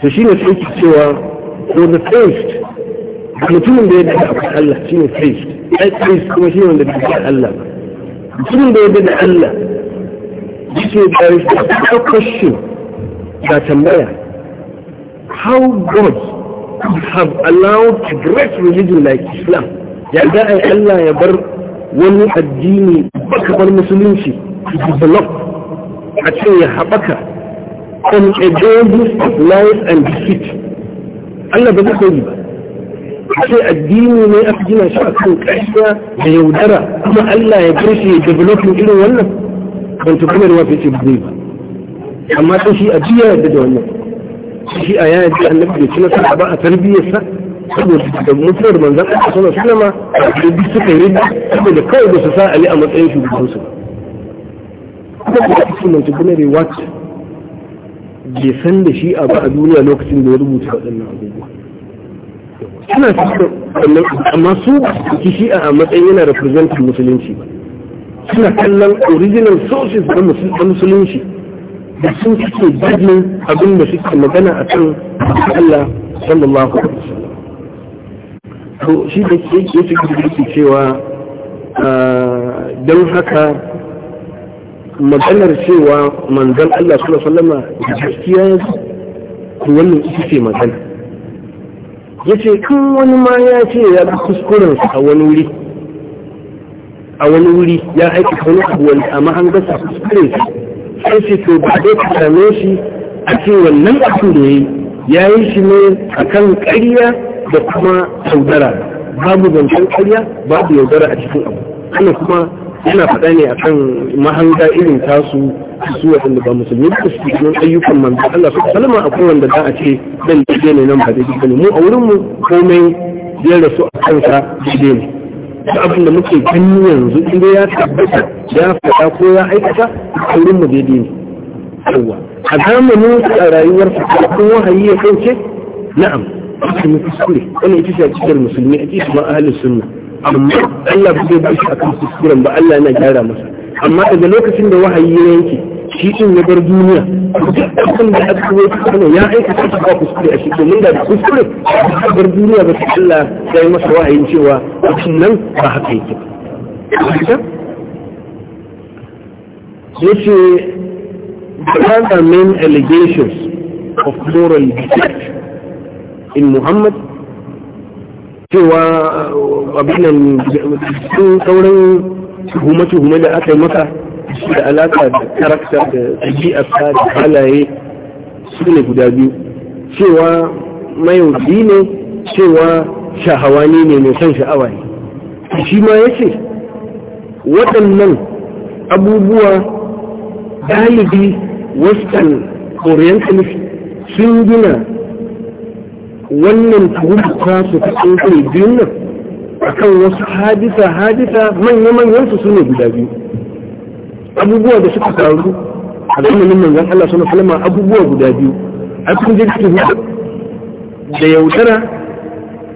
to shi ne sai cewa for the first mutumin da ya daga akwai Allah shi ne first ai first kuma shi ne wanda bai Allah mutumin da ya daga Allah yake da question da tambaya how God could have allowed a great religion like Islam ya ga ai Allah ya bar wani addini baka bar musulunci to develop a ce ya haɓaka on a basis of life and defeat Allah ba zai koyi ba a ce addini ne a fi gina shi a kan ƙasha da yaudara kuma Allah ya bar shi ya developin irin wannan ban tukunar wafi ce ba zai ba amma sai shi a biya da wannan shi a yayin da annabi bai ci nasara ba a sa saboda da mutuwar manzan Allah sallallahu alaihi wasallam da duk suka yi rinda saboda kawai ba su sa Ali a matsayin shugaban su kuma da cikin multiplinary watch bai san da shi a ba a duniya lokacin da ya rubuta waɗannan abubuwa suna cikin wannan amma su ki shi a matsayin yana representing musulunci ba suna kallon original sources na musulunci da sun cikin dadin abin da suke magana a kan Allah sallallahu alaihi wasallam to shi da ke yake yake cewa don haka maganar cewa manzon Allah sallallahu alaihi wasallam gaskiya to wannan ita ce magana ce kan wani ma ya ce ya bi kuskuren a wani wuri a wani wuri ya aiki wani abuwan amma an gasa kuskuren sai shi to ba dai ka same shi a ce wannan abin da ya yi shi ne a kan ƙarya da kuma yaudara babu zancen ƙarya babu yaudara a cikin abu ana kuma yana faɗa ne a kan mahanga irin tasu su waɗanda ba musulmi ba su cikin ayyukan manzo Allah su salama a kowanne da za a ce dan daidai ne nan ba daidai ba ne mu a wurinmu komai ya rasu a kansa daidai ne da abin da muke gani yanzu inda ya tabbata ya faɗa ko ya aikata a wurin mu daidai ne yawa a zamanin a rayuwar su kun wahayi ya kauce na'am ake mu kuskure wannan ita ce akidar musulmi ake cikin ahlus sunna amma Allah ba zai bashi akan kuskuren ba Allah yana gyara masa amma daga lokacin da wahayi ya yanke shi in ya bar duniya dukkan da aka yi kuma ya aikata shi ba kuskure a shi domin da kuskure a bar duniya ba ta Allah ya yi masa wa'ayin cewa cikin nan ba haka yake yace there are main allegations of moral defect in Muhammad cewa uh, abinan sun sauran tuhume-tuhume da aka yi masa shi da alaka da karakta da ɗabi'arsa da halaye su ne guda biyu cewa mayauci ne cewa shahawani ne mai son sha'awa ne shi ma ya ce waɗannan abubuwa galibi western orientalist sun gina wannan tuhumta su ta tsohon biyun nan akan wasu hadisa hadisa manya-manyansu su ne guda biyu abubuwa da suka faru a nan manzon Allah sallallahu halama abubuwa guda biyu akwai jirgin da yaudara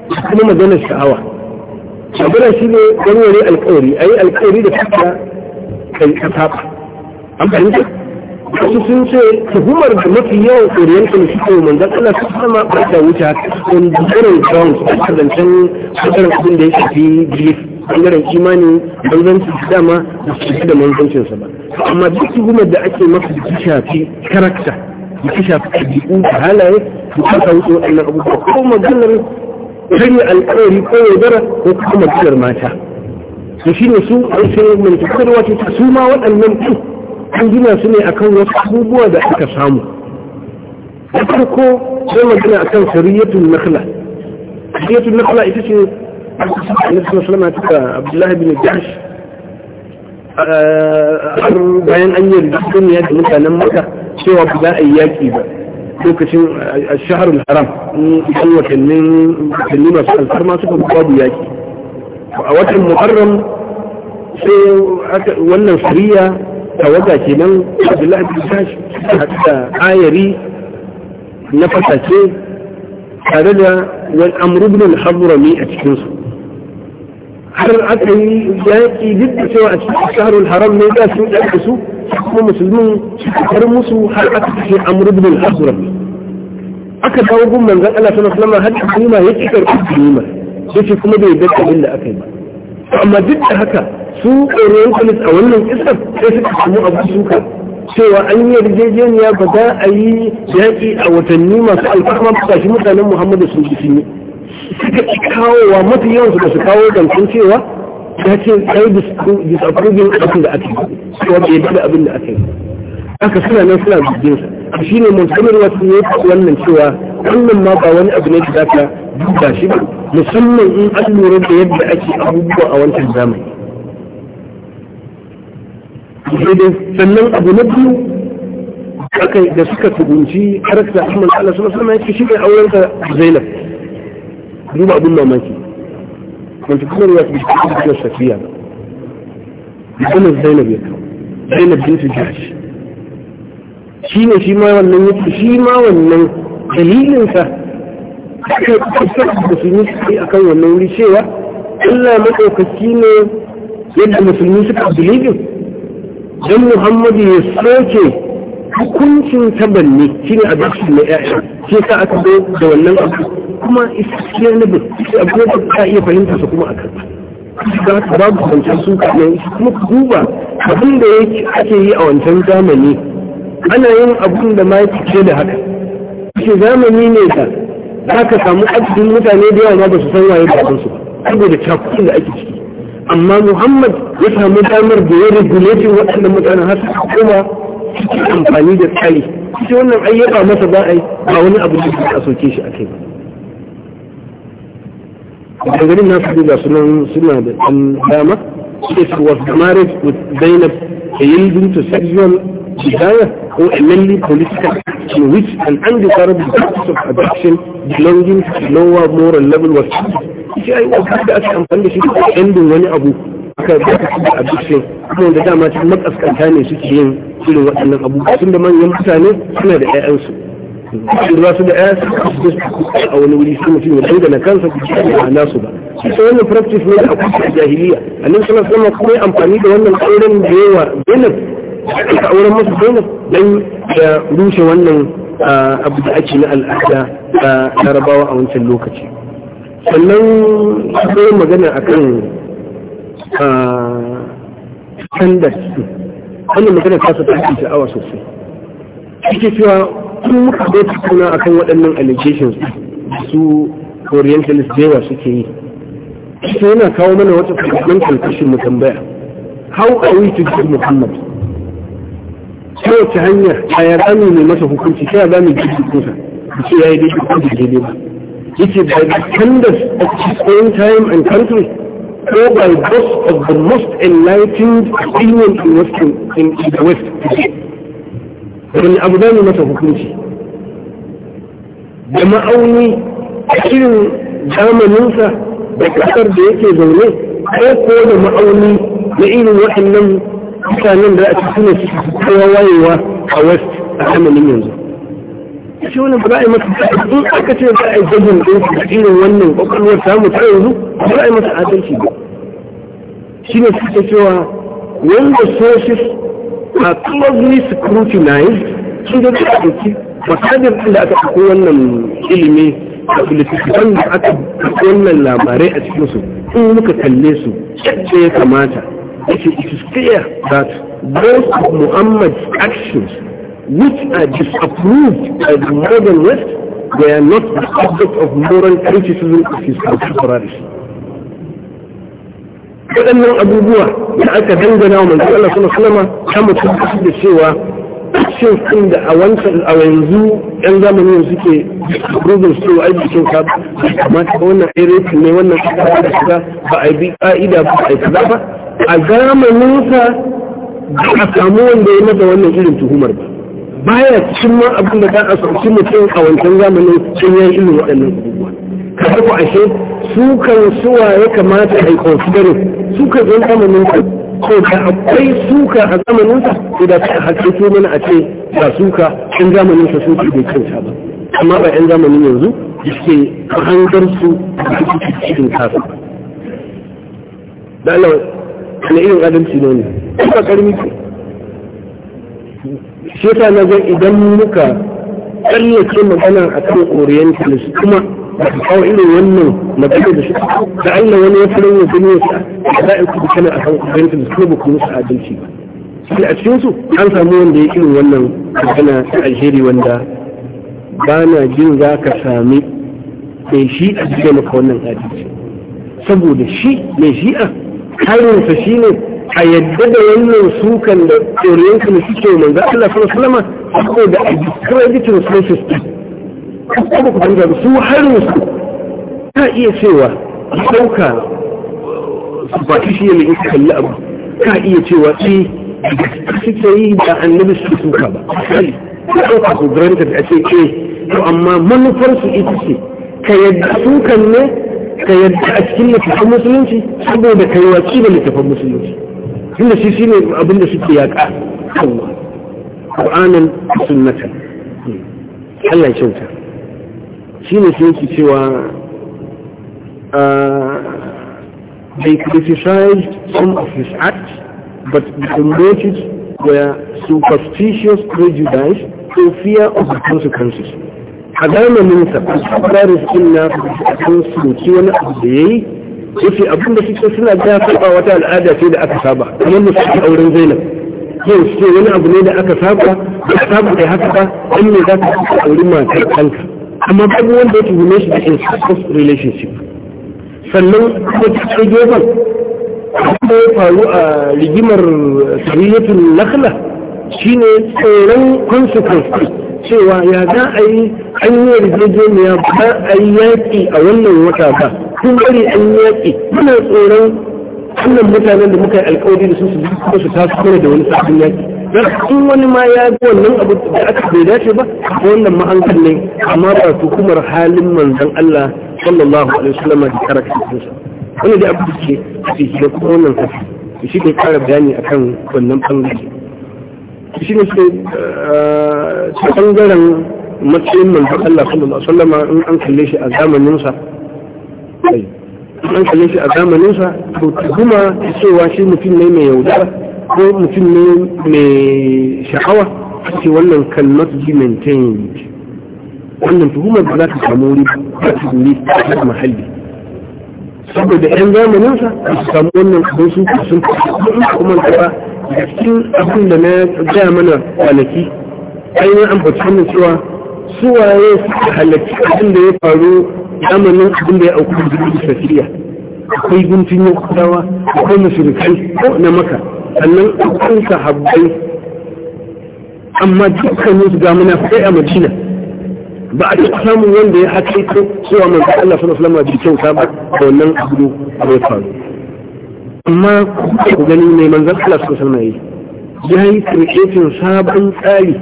da kuma maganar sha'awa magana shi ne warware alkawari a yi alkawari da fata kai kafafa an fahimta wasu sun ce tuhumar da mafi yawan koriyan kan shi ko manzan Allah su halama ba ta wuce haka sun dukkanin grounds a kazancen da ya shafi jirgin bangaren imani manzanci dama da su da manzancinsa ba amma duk tuhumar da ake masa da shafi karakta da shafi ɗabi'u da halaye da ta kawo waɗannan abubuwa ko maganar karya alƙawari ko yaudara ko kuma maganar mata to shi ne su an sai mai tukarwa ce su ma waɗannan ɗin an gina su ne akan wasu abubuwa da aka samu da farko sai magana akan sariyatul nakhla sariyatul nakhla ita ce annabi sallallahu alaihi wasallam Abdullahi bin Jahsh ah, har bayan an yi rigakuniya da mutanen Makka cewa ba za a yi yaki ba lokacin ah, shahar haram idan watannin watanni masu alfarma suka babu yaki a watan muharram sai wannan suriya tawaga kenan abdullahi bin sash hatta ayari na fasace tare da wal amru al-hadrami a cikin su har aka yi yaƙi duk da cewa a cikin shaharul haram ne da su da su kuma musulmi har musu har aka kashe amr ibn al-azraq aka dawo gun manzon Allah sallallahu alaihi wasallam har kalima yake karɓi kalima kuma bai da abin da aka yi amma duk da haka su ƙoron kulis a wannan kisar sai suka samu abu suka cewa an yi yarjejeniya ba za a yi yaƙi a watanni masu alfarma ba shi mutanen Muhammadu sun ji sun yi suka kawo kawowa mafi yawansu su su kawo zancen cewa ya ce sai disapproving abin da ake cewa bai dada abin da ake aka suna nan suna bugin sa shi ne musamman wasu ne wannan cewa wannan ma ba wani abu ne da zaka duba shi ba musamman in an lura da yadda ake abubuwa a wancan zamani sannan abu na biyu da suka tubunci harkar Ahmad Allah sallallahu alaihi wasallam yake shi ne ka Zainab duba abin mamaki wanda kuma ya fi cikin cikin safiya musamman zainab ya kawo zainab bin su jashi shi ne shi ma wannan yake shi ma wannan dalilinsa aka yi kusurta musulmi su yi kan wannan wuri cewa Allah maɗaukaki ne yadda musulmi suka bilibin don Muhammadu ya soke hukuncin ta tabanni shi ne a na ‘ya'ya shi ka aka zo da wannan abu kuma isassiyar nabin abu da ka iya fahimta su kuma a kan za ka babu kwanciyar su kaɗe kuma ku duba abin da ake yi a wancan zamani ana yin abin da ma ya da haka ce zamani ne da za ka samu adadin mutane da yawa ba su san waye ba kansu ba saboda cakukin da ake ciki amma muhammad ya samu damar da ya regulatin waɗannan mutanen har su koma cikin amfani da tsari shi wannan ayyuka masa ba a yi ba wani abu da a soke shi a kai ba maganganun na su ga sunan suna da ɗan dama it was marriage with Zainab a yielding to sexual desire ko a mainly political in which an undesirable practice of adoption belonging to the lower moral level was shi ai wa da aka amfani da shi ko endin wani abu aka ba shi da addiction kuma wanda dama cikin makaskanta ne suke yin irin waɗannan abubuwa da manyan mutane suna da 'ya'yansu lura su da ya su a wani wuri su mutum ya da na kansa ku cikin da nasu ba shi ta wannan practice ne da aka jahiliya A nan alaihi wasallam kuma yi amfani da wannan auren da yawa zainab aka auren masa zainab dan ya rushe wannan abu da ake na al'ada ta larabawa a wancan lokaci sannan su akwai magana a kan standard wannan magana ta sa ta sha'awa sosai ake cewa tun muka zo tattauna akan waɗannan allegations su orientalist da suke yi shi yana kawo mana wata fundamental question mu tambaya how are we to give muhammad ta wace hanyar a ya zami mai masa hukunci ta ya zami jirgin kusa da ce ya yi daidai ko da daidai ba yace by the standards of his own time and country or by those of the most enlightened opinion in western in the west today wani abu za ne masa hukunci da ma'auni a irin zamaninsa da kasar da yake zaune ko ko da ma'auni na irin waɗannan mutanen da a ci suna kawo wayewa a west a zamanin yanzu shi wani ba za a yi masa in aka ce za a yi gwajin ɗinsu da irin wannan ƙwaƙwalwar samu ta yanzu ba za a yi masa adalci ba shi ne suke cewa wanda sosis are closely scrutinized sun zai suka ɗauki masajar da aka ɗauko wannan ilimi da littattafan da aka ɗauko wannan labarai a cikinsu in muka kalle su yadda ya kamata yace it is clear that those of Muhammad's actions which are disapproved by the modern West were not the subject of moral criticism of his contemporaries. waɗannan abubuwa da aka dangana wa manzo Allah sallallahu alaihi ta mutum da cewa shin sun da a wancan a yanzu yan zamani yanzu ke rubin su a jikin ka amma ta wannan ireti ne wannan da shiga ba a bi ka'ida ba a kaza ba a zamanin sa ba a samu wanda ya masa wannan irin tuhumar ba baya cikin ma abin da za a sauki mutum a wancan zamanin sun yayi irin waɗannan abubuwa kaga ku ashe su kan suwa ya kamata a yi considering su kan yan zamanin ku ko da akwai suka a zamanin sa to da ta su mana a ce ba suka in zamanin sa su ke da kyauta ba amma ba yan zamanin yanzu suke hangar su a suke cikin kasa da Allah na irin adalci ne ne suka karmi ce shi ta nazar idan muka karyace magana akan orientalist kuma da kawo irin wannan magana da shi da Allah wani wata ran wajen yin a, da ku da kana akan ubangiji da kuma ku musu adalci ba sai a cikin su an samu wanda ya irin wannan magana ta alheri wanda ba na jin za ka sami mai shi a cikin maka wannan adalci saboda shi mai shi'a karinsa shi ne a yadda da wannan sukan da tsoriyanka da suke manzo Allah sallallahu alaihi wasallam saboda a discrediting sources kuma ku fahimta su harin su ta iya cewa ɗauka superficial Ka kalli abu ka iya cewa sai eh, suke yi da annabi su suka ba misali ka ɗauka ku granted a ce eh to amma manufar su ita ce ka yadda sukan ne ka yadda a cikin littafin musulunci saboda ka yi watsi da littafin musulunci tunda shi ne abinda suke yaƙa kanwa Qur'anan sunnatan hmm. Allah ya kyauta shi ne sai ki cewa ah, they criticized some of his acts but promoted their superstitious prejudice to fear of the consequences a wani abu da ya yi suke suna saba wata al'ada ce da aka saba kamar da suke auren zainab yau suke wani abu ne da aka saba da saba da haka ba wani ne za ka auri matar kanka amma babu wanda ya tuhume shi da incestuous relationship sannan kuma ta gefen kuma ya faru a rigimar sariyatul shi shine tsoron consequence cewa ya za a yi an yi yarjejeniya ba a yi yaƙi a wannan wata ba kun bari an yi yaƙi muna tsoron wannan mutanen da muka yi alkawari da su su su tasu da wani sabon yaƙi in wani ma ya yi wannan abu da aka bai dace ba wannan ma ne amma ba su kuma halin manzan Allah sallallahu alaihi wasallam da karaktersa wani da abu ke shi da kuma wannan kafi shi ke kara bayani akan wannan bangare shi ne sai eh, ta bangaren matsayin manzon Allah sallallahu alaihi wasallam in an kalle shi a zamanin sa in an kalle shi a zamanin sa to kuma cewa shi mutum ne mai yaudara ko mutum ne mai sha'awa a ce wannan cannot be maintained wannan tuhumar da za ta samu wuri ba ta wuri ta mahalli saboda yan zamaninsa ba su samu wannan abin su sun fi kuma gaba da cikin abin da na gaya mana kwanaki ainihin ambaci wannan cewa suwaye suka halarci abin da ya faru zamanin abin da ya auku da jirgin safiya akwai guntun yankudawa akwai mashirikai ko na maka sannan akwai sahabbai amma dukkanin su ga kai a madina ba a duk samun wanda ya haka ko cewa manzo Allah sallallahu alaihi wasallam kyau sa ba ko wannan abu bai faru amma ku gani mai manzo Allah sallallahu alaihi wasallam yayi yayi sabon tsari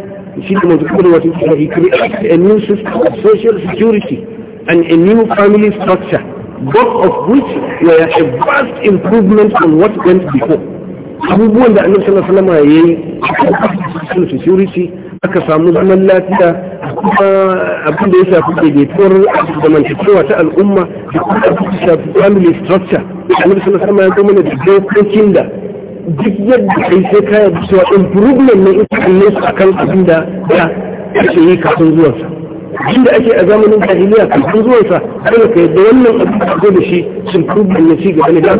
shi ne kuma Allah wato he created a new system of social security and a new family structure both of which were a vast improvement on what went before abubuwan da annabi sallallahu alaihi wasallam yayi akan security aka samu zaman lafiya kuma abin da ya shafi daidaituwar zamantakewa ta al'umma da kuma abin da shafi family structure annabi sallallahu alaihi wasallam ya zama da dokokin da duk yadda kai sai ka yi cewa improvement ne in ka kalle su akan abin da ya ake yi kafin zuwansa inda ake a zamanin jahiliya kafin zuwan sa kada ka yadda wannan abin da zo da shi sun kuma ya ci gaba ne da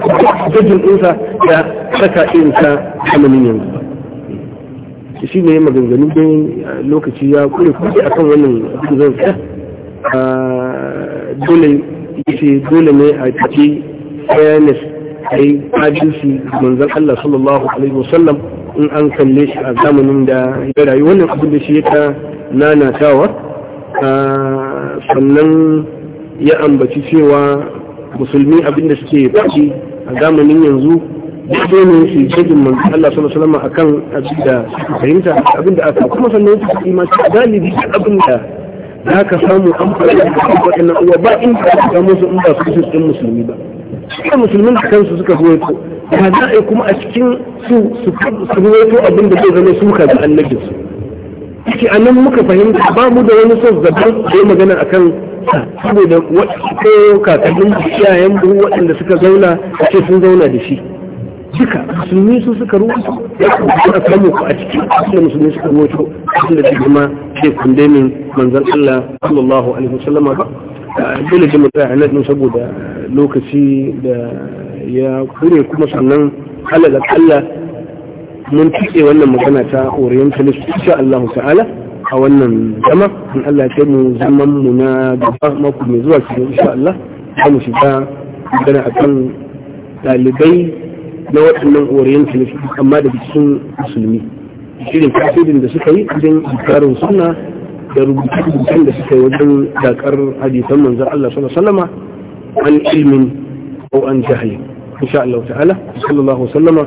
gajin ɗinsa ya saka ta zamanin yanzu shi ne maganganun don lokaci ya kure kuɗi akan wannan abin zan tsaya dole ce dole ne a ciki fairness a yi adalci manzan Allah sallallahu alaihi wasallam in an kalle shi a zamanin da ya rayu wannan abin da shi ya ta nanatawa sannan ya ambaci cewa musulmi abinda suke faɗi a zamanin yanzu daidai ne su jirgin manzo Allah sallallahu alaihi akan abin da suka fahimta abin da aka kuma sannan su ima su galibi abin da za ka samu an faɗi da waɗannan uwa ba in ka samu su in ba su su ɗin musulmi ba kuma musulmin da kansu suka ruwaito ba za a yi kuma a cikin su su ruwaito abin da zai zama ka ga annabinsu yake a nan muka fahimta ba mu da wani son zaban da magana a akan saboda ko kakannin iyayen mu waɗanda suka zauna ce sun zauna da shi duka musulmi su suka rubuta ya kuma samu ku a cikin da musulmi suka rubuta sun da kuma ke min manzon Allah sallallahu alaihi wasallama ba ah, dole jama'a tsaya nan saboda lokaci da ya kure kuma sannan halala Allah mun tuɗe wannan magana ta orientalist insha Allah ta'ala a wannan zama in Allah ya mu zaman mu na gaba mako mai zuwa cikin insha Allah za mu shiga magana akan ɗalibai na waɗannan orientalist amma da cikin musulmi shirin tasirin da suka yi wajen ikarin sunna da rubuce da suka yi wajen dakar hadisan manzan Allah sallallahu alaihi an ilmin ko an jahil insha Allah ta'ala sallallahu alaihi